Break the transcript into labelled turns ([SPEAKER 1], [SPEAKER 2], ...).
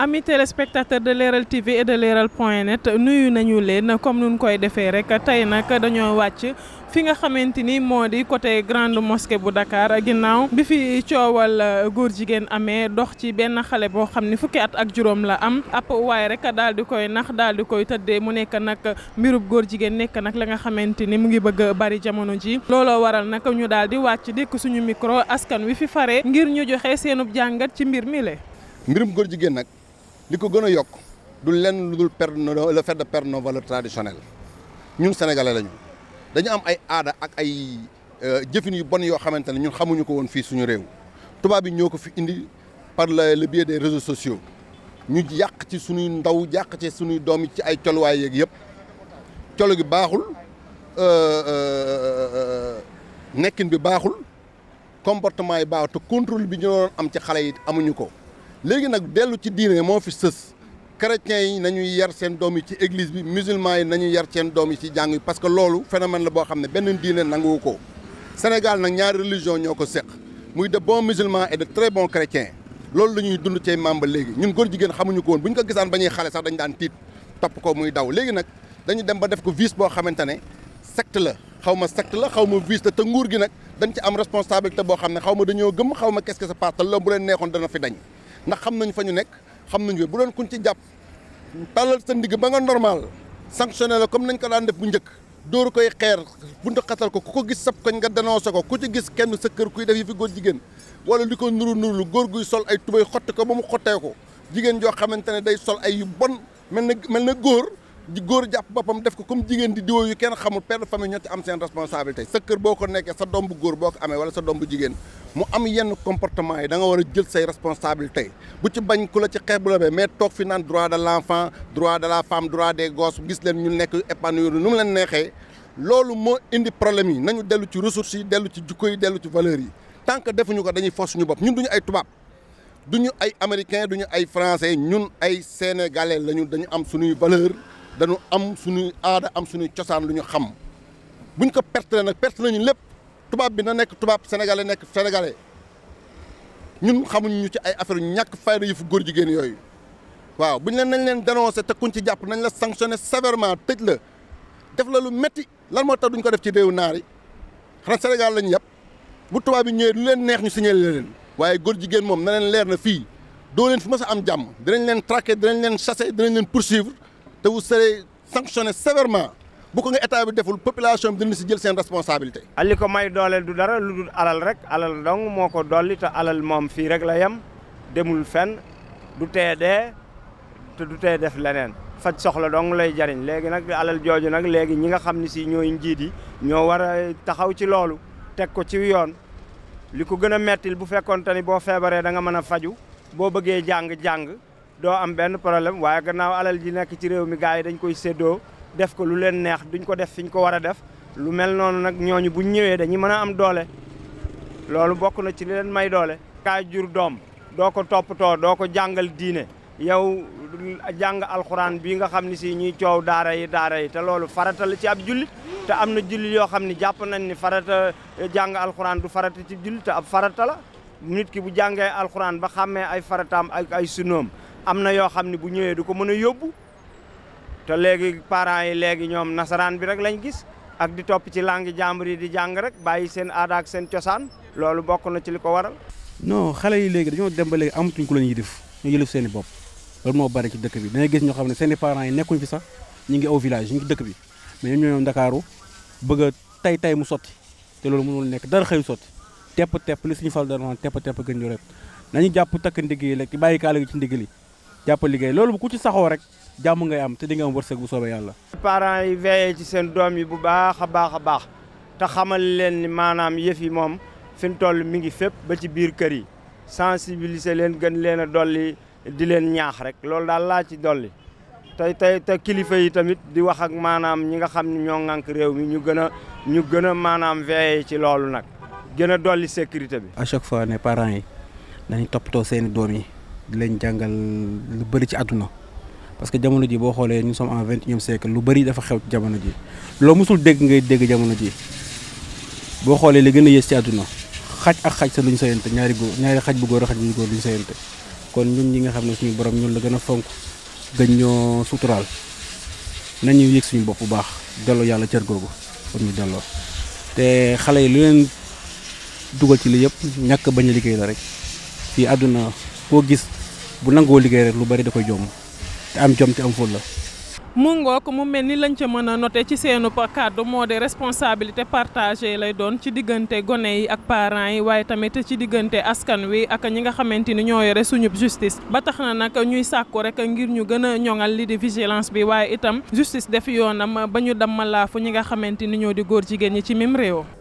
[SPEAKER 1] amis respectateur de Leral TV et de Leral point net nuyu nañu leen comme nun koy defee rek tey nag dañoo wàcc fi nga xamante ni moo di côté grande mosquée bu Dakar ginnaaw bi fi coowal uh, góor jigéen amee dox ci benn xale boo xam ni fukki at ak juróom la am ab waaye rek daal di koy nax daal di koy tëddee mu nekk nag mbirub góor jigéen nekk nag la nga xamante ni mu ngi bëgg bari jamono ji looloo waral naka ñu daal di wàcc dékk suñu micro askan wi fi fare ngir ñu joxe seenub jàngat ci mbir mi le
[SPEAKER 2] mbirum góor jigéen nag li ko gën a yokk du lenn lu dul perdre le fait de perdre nos valeurs traditionnelles ñun sénégalais lañu dañu am ay aada ak ay euh, jëfin yu bon yoo xamante ne ñun xamuñu ko woon fii suñu réew tubaab yi ñoo ko fi indi par le biais des réseaux sociaux ñu yàq ci suñuy ndaw yàq ci suñuy doom yi ci ay coluwaay yeeg yëpp colo gi baaxul euh, euh, nekkin bi baaxul comportement yi baaxul te contrôle bi ñu doon am ci xale yi amuñu ko. léegi nag dellu ci diine moo fi sës chrétiens yi nañuy yar seen doom yi ci église bi musulman yi nañuy yar seen doom yi ci jàng yi parce que loolu phénomène la boo xam ne benn diine nanguwu ko Sénégal nag ñaari religion ñoo ko seq muy de bon musulmans et de très bons chrétiens loolu la ñuy dund cay membre léegi ñun góor jigéen xamuñu ko woon bu ñu ko gisaan ba ñuy xale sax dañu daan tiit topp ko muy daw léegi nag dañu dem ba def ko vice boo xamante ne secte la xaw ma secte la xaw ma vice la te nguur gi nag dañ ci am responsabilité boo xam ne xaw ma dañoo gëm xaw ma qu'est-ce que ça passe leen neexoon dana fi dañ ndax xam nañ fa ñu nekk xam nañu bu doon kuñ ci jàpp tàllal sa ndigg ba nga normal sanctionné la comme nañ ko daan def bu njëkk dóor koy xeer buntu xatal ko ku ko gis sab koñ nga dénoncé ko ku ci gis kenn sa kër kuy def yi fi góor jigéen wala di ko nuru nuru lu góor guy sol ay tubay xotti ko ba mu xottee ko jigéen joo xamante ne day sol ay yu bon mel na mel na góor di góor jàpp boppam def ko comme jigéen di diwoo yu kenn xamul père de famille ñoo ci am seen responsabilité sa boo ko nekkee sa doom bu boo ko amee sa doom jigéen mu am yenn comportement yi da nga war a jël say responsabilité bu ci bañ ku la ci xeebula be mais toog fi naan droit de l' enfant droit de la femme droit des gosses gis leen ñu nekk épanouir nu mu leen neexee loolu moo indi problème yi nañu dellu ci ressource yi dellu ci jukko yi dellu ci valeurs yi tant que defuñu ko dañuy force ñu bopp ñun duñu ay tubaab duñu ay américain duñu ay français ñun ay sénégalais lañu dañu am suñuy valeur dañu am suñuy aada am suñuy cosaan lu ñu xam buñ ko perte nag perte nañu lépp tubaab bi na nekk tubaab sénégalais nekk sénégalais ñun xamuñ ñu ci ay affaire ñàkk fayda yu fu góor jigéen yooyu waaw buñ leen nañ leen dénoncé te kuñ ci jàpp nañ la sanctionné sévèrement tëj la def la lu metti lan moo tax duñ ko def ci réewu naar yi xanaa Sénégal lañ yàpp bu tubaab yi ñëwee lu leen neex ñu signalé leen waaye góor jigéen moom na leen leer na fii doo leen fu ma a am jàmm dinañ leen traqué dinañ leen chassé dinañ leen poursuivre te vous serez sanctionné
[SPEAKER 3] sévèrement bu ko nga état bi deful population bi dina si jël seen responsabilité. li ko may doole du dara lu dul alal rek alal dong moo ko dolli te alal moom fii rek la yem demul fenn du tee dee te du tee def leneen. faj soxla dong lay jariñ léegi nag alal jooju nag léegi ñi nga xam ni si ñooy njiit yi ñoo war a taxaw ci loolu teg ko ci yoon li ko gën a mettil bu fekkoonte ni boo feebaree da nga mën a faju boo bëggee jàng-jàng doo am benn problème waaye gannaaw alal ji nekk ci réew mi gars yi dañ koy séddoo def ko lu leen neex duñ ko def fi ñu ko war a def lu mel noonu nag ñooñu buñ ñëwee dañuy mën a am doole loolu bokk na ci li may doole. kaa jur doom doo ko toppatoo doo ko jàngal diine yow jàng alxuraan bii nga xam ne si ñuy coow daara yi daara yi te loolu faratal ci ab jullit te am na jullit yoo xam ne jàpp nañ ni farata eh, jàng alxuraan du farata ci jullit te ab farata la nit ki bu jàngee alxuraan ba xàmmee ay farataam ak ay sunoom am na yoo xam ne bu ñëwee du ko mën a yóbbu. te léegi parents yi léegi ñoom nasaraan bi rek lañu gis ak di topp ci langue jàmbur yi di jàng rek bàyyi seen aada seen cosaan loolu bokk na ci li ko waral.
[SPEAKER 4] non xale yi léegi dañoo dem ba léegi amatuñ ku leen yilif ñu yilif seen i bopp loolu moo bari ci dëkk bi dangay gis ñoo xam ne seen i parents yi nekkuñ fi sax ñu ngi aw village ñu ngi dëkk bi mais ñoom ñoo Ndakaaru bëgg a tay tay mu soti te loolu mënul nekk dara xëyu sotti tep tepp li suñu fal dara tepp tepp gën ñu rek nañu jàpp takk ndigg yi rek bàyyi kaala gi ci ndigg li jàpp liggéey loolu ku ci saxoo rek jàmm ngay am te di nga am wërsëg bu soobee yàlla.
[SPEAKER 3] parents yi veillé ci seen doom yi bu baax a baax a baax te xamal leen ni maanaam yëf yi moom fi mu toll mi ngi fépp ba ci biir kër yi sensibiliser leen gën leen a dolli di leen ñaax rek loolu daal laa ci dolli. tey tey te kilifa yi tamit di wax ak maanaam ñi nga xam ne ñoo ŋànk réew mi ñu gën a ñu gën a maanaam veillé ci loolu nag gën a dolli sécurité bi.
[SPEAKER 4] à chaque fois ne parents yi dañuy toppatoo seeni doom yi. di leen jàngal lu bëri ci àdduna parce que jamono ji boo xoolee ñu sommes en vingt et unième siècle lu bëri dafa xew jamono ji loo mosul dégg ngay dégg jamono ji boo xoolee li gën a yées ci àdduna xaj ak xaj sa lu ñu sayante ñaari góor ñaari xaj bu góor a xaj bu góor lu ñu sayante kon ñun ñi nga xam ne suñu borom ñun la gën a fonk gën ñoo suturaal nañu yëg suñu bopp bu baax delloo yàlla cër googu pour ñu delloo te xale yi lu leen dugal ci li yëpp ñàkk bañ a liggéey la rek bu nangoo liggéey rek lu bari da koy jom te am jom te am ful la.
[SPEAKER 1] mu ko mu mel ni lañ ca mën a noté ci seenu kàddu moo de responsabilité partagée lay doon ci diggante gone yi ak parents yi waaye tamit ci diggante askan wi ak ñi nga xamante ni ñoo yore suñu justice ba tax na naka ñuy sàkku rek ngir ñu gën a ñoŋal li di visilance bi waaye itam justice def yoonam ba ñu dammalaafu ñi nga xamante ni ñoo di góor jigéen ñi ci mim réew.